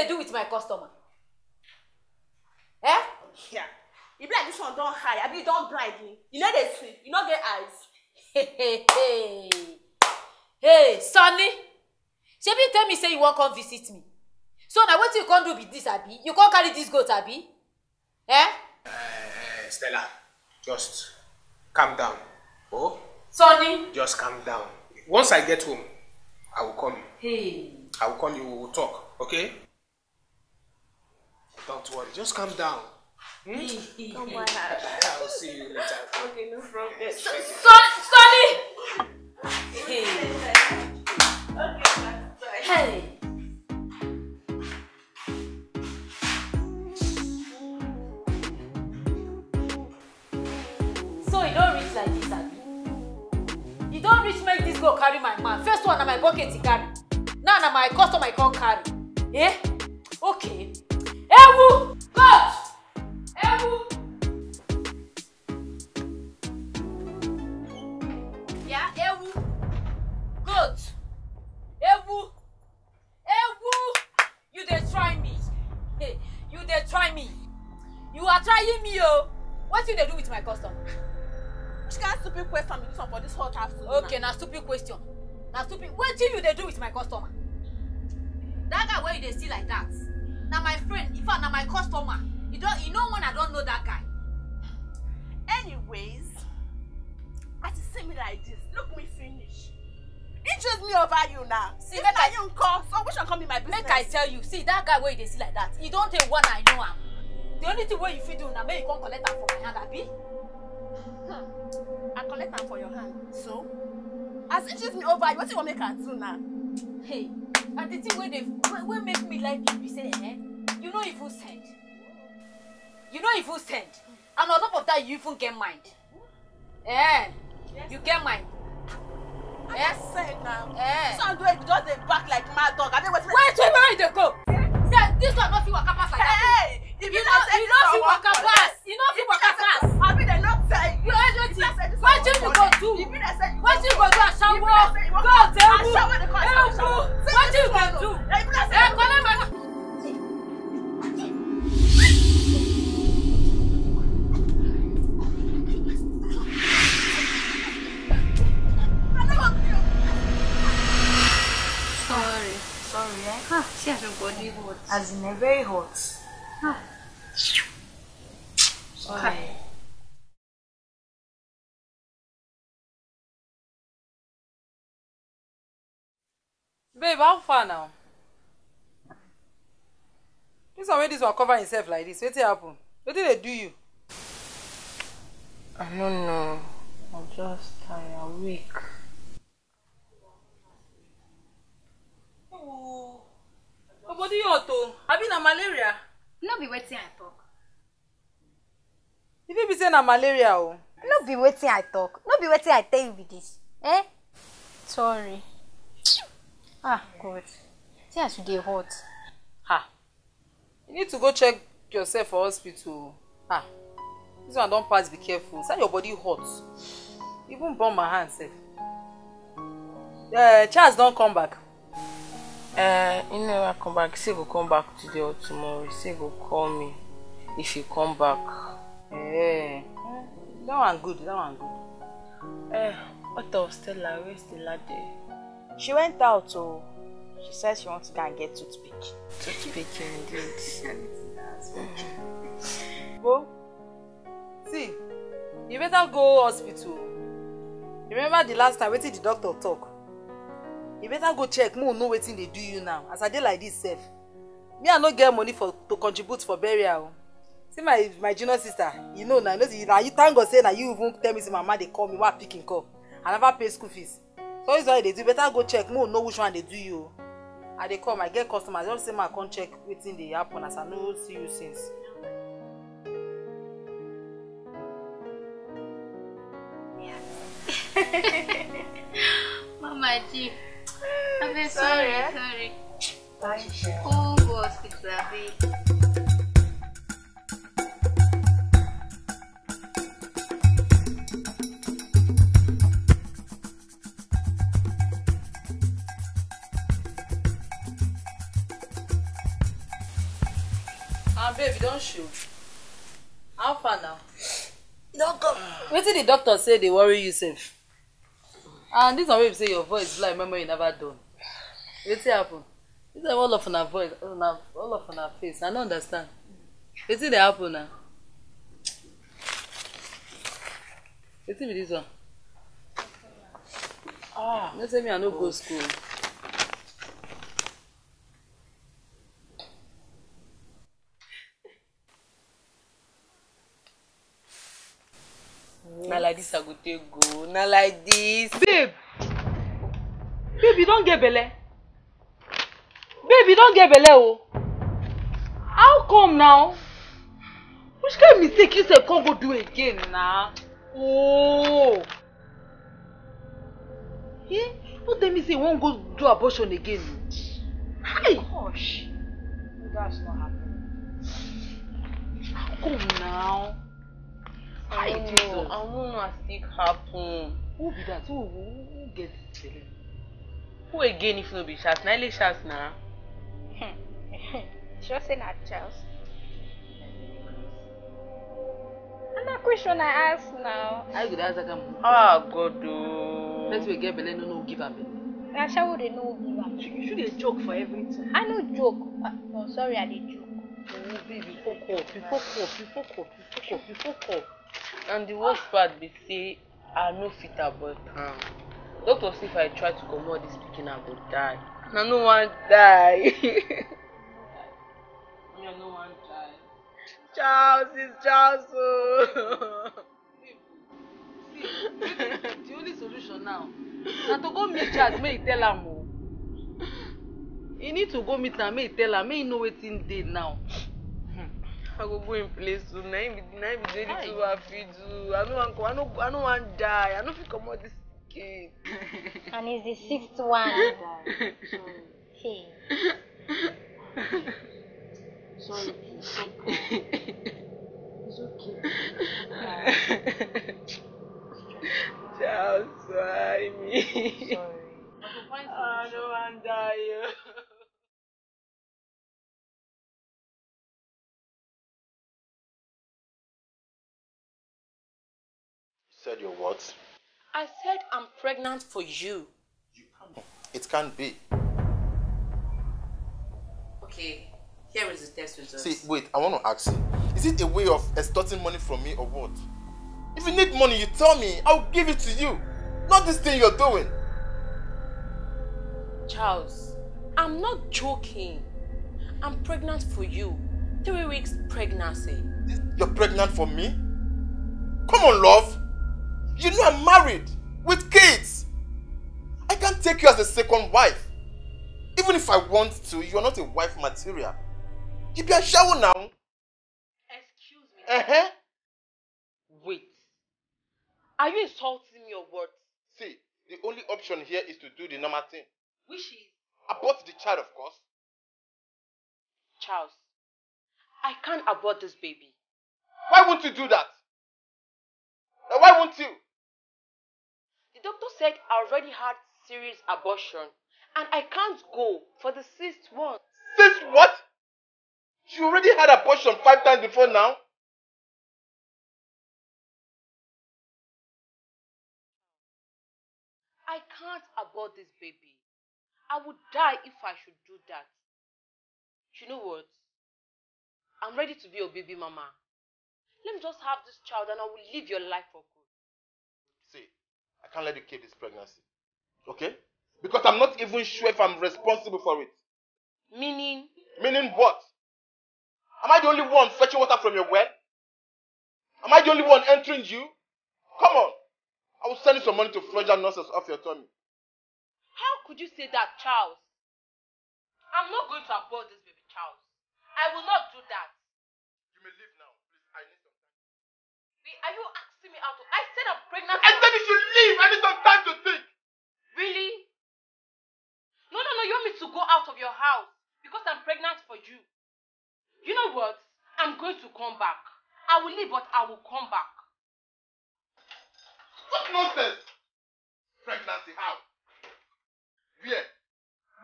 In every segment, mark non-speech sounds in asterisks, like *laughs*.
they do with my customer? Eh? Yeah. You be like dis one don't high I be don't blind me you know they see you no get eyes. *laughs* hey hey hey She be tell me say you won't come visit me so now what you come do with this? Abby, you come carry this goat Abby? eh. Uh, stella just calm down oh. sonny. just calm down once i get home i will call you. hey. i will call you we will talk okay. Don't worry, just calm down. Hmm? Don't worry. *laughs* I'll see you later. Okay, no problem. So, so, Sonny! Hey. So e don reach like this, abi? E don reach make this go carry my man. First one na my bucket e carry. Now na my customer I can't carry. Eh? Okay ewu coach ewu. ya ewu goat ewu ewu you dey try me hey, *laughs* you dey try me you are trying me o oh. wetin you dey do with my custom. which kind of stupid question be this one for this hot afternoon. okay na stupid question na stupid wetin you dey do with my customer. that guy wey you dey see like that Now my friend, in fact, now my customer. You don't you know when I don't know that guy. Anyways, I you see me like this, look me finish. He chose me over you now. See, if I you call, so which one come in my business? Make I tell you, see that guy where they see like that. You don't take one I know him. The only thing where you feel do now, make you come collect that for my hand, Abby. Hmm. I collect that for your hand. So, as he chose me over you, what you want make I do now? Hey. and the thing wey dey wey make me like you be say eh you no even send you no even send and on top of that you even get mind eh you get mind. I eh? send now. Eh? This one do it just dey back like mad dog. I dey wait. Wait, Where where you dey go? Yeah, this one no fit waka pass like that. Hey, if you no you no fit waka pass, you no fit waka pass. Abi dey no tell you. You always wait. Wetin you go do? Wetin you go do asawo? babe how far now dis one wey dis one cover himself like dis wetin happen wetin dey do you i no know i'm just tired weak obodo oh. you hot o i be na malaria no be wetin i talk e fit be say na malaria o. no be wetin i talk no be wetin i tell you be dis eh. sorry ah god see as you dey hot. ah you need to go check yourself for hospital ah this one don pass be careful say your body hot even burn my hand sef uh, charles don come back. Uh, eh, he never come back he say he go come back today or tomorrow he say he go call me if he come back. Eh, that one good, that one good. Eh, what of Stella? Where is Stella there? She went out, oh. She says she wants to go and get toothpick. Toothpick indeed. Well, *laughs* see, you better go hospital. Remember the last time, wetin the doctor talk? You better go check, mo know waiting they do you now. As I dey like this safe. Me, I no get money for to contribute for burial see my my junior sister you know now. you know say you thank god say na you even tell me say mama they call me wa picking come i never pay school fees so this is why they do better go check More know which one they do you o i dey come i get customers Don't say my come check wetin dey happen as i no see you since. *laughs* mama ji I'm been sorry sorry, eh? sorry. oh god it's abi. you show how far now doctor wetin the doctor say they worry you safe. and this one wey say your voice blind memory never done wetin happen this one all of her voice all of her face i don't understand wetin dey happen na wetin be this one ah let's say me i no go school. na like dis i go take go na like dis. babe babe you get belay. Baby, don't get belay, oh. how come now which kind of mistake you sef come go do again nah. Oh. Yeah, no tell me say won't go do abortion again hi gosh that's not happening how come now. no, think so. I won't know still happen. Who be that? Who, who, who gets Who again if no be Charles? Na Charles now. sure say Charles. And question I ask now. I you ask that kind Ah God o. Oh. Let we get belle no no give am belle. na shawo dey no give am. you should joke for everything. i no joke ah, no sorry i dey joke. oh baby you fok up you fok up you fok and the worst part be say i no fit avoid am doctor say if i try to comot dis pikin i go die and i no wan die. *laughs* no wan die. charles is charles ooo. see the only solution now na to go meet charles make he tell am o he need to go meet am make he tell am make he know wetin dey now I go go in place to Na him be na be the only I do. I no to. I no I no wan die. I no fit comot this kid. *laughs* And he's the sixth one. *laughs* hey. So it's okay. It's okay. Ciao, Swami. *laughs* Sorry. Said your what? I said I'm pregnant for you. You can't. It can't be. Okay, here is the test results. See, wait, I want to ask you. Is it a way of extorting money from me or what? If you need money, you tell me. I'll give it to you. Not this thing you're doing. Charles, I'm not joking. I'm pregnant for you. Three weeks pregnancy. You're pregnant for me? Come on, love. You know I'm married with kids. I can't take you as a second wife. Even if I want to, you're not a wife material. You be a shower now. Excuse me. Uh-huh. Wait. Are you insulting me or what? See, the only option here is to do the normal thing. Which is? Abort the child, of course. Charles, I can't abort this baby. Why won't you do that? Now, why won't you? The doctor said I already had serious abortion and I can't go for the sixth one. Sixth what? You already had abortion five times before now? I can't abort this baby. I would die if I should do that. You know what? I'm ready to be your baby mama. Let me just have this child and I will live your life for good. I can't let you keep this pregnancy. Okay? Because I'm not even sure if I'm responsible for it. Meaning? Meaning what? Am I the only one fetching water from your well? Am I the only one entering you? Come on. I will send you some money to flush that nonsense off your tummy. How could you say that, Charles? I'm not going to abort this baby, Charles. I will not do that. You may leave baby, are you asking me out? I said I'm pregnant. I said you should leave. I need some time to think. Really? No, no, no. You want me to go out of your house because I'm pregnant for you. You know what? I'm going to come back. I will leave, but I will come back. What nonsense? Pregnancy? How? Where?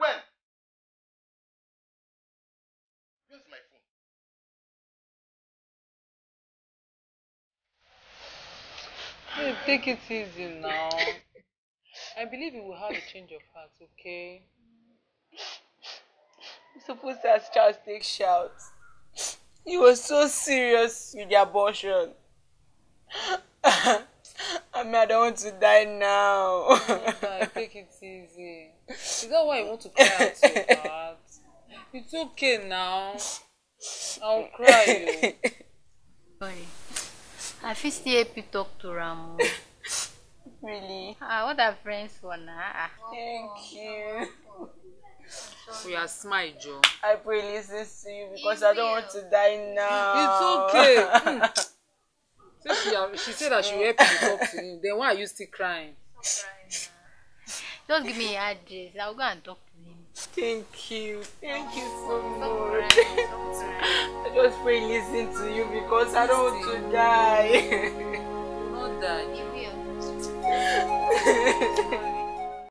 When? Where's my phone? Take it easy now. I believe you will have a change of heart, okay? I'm supposed to ask Charles take shout. You were so serious with the abortion. *laughs* I mean, I don't want to die now. Mama, take it easy. Is that why you want to cry out so hard? It's okay now. I'll cry oh. *laughs* you. Bye. I fit still help you talk to Ramu. *laughs* really? Ah, what are friends for now? Ah. Thank you. We are smile, Joe. I pray listen to you because I don't want oh. to die now. It's okay. mm. *laughs* she, are, uh, she said that she will help you talk to him, then why are you still crying? Just give me your address. I'll go and talk to him. Thank you. Thank you so much. *laughs* I just pray listen to you because I don't want to die. Not die. *laughs*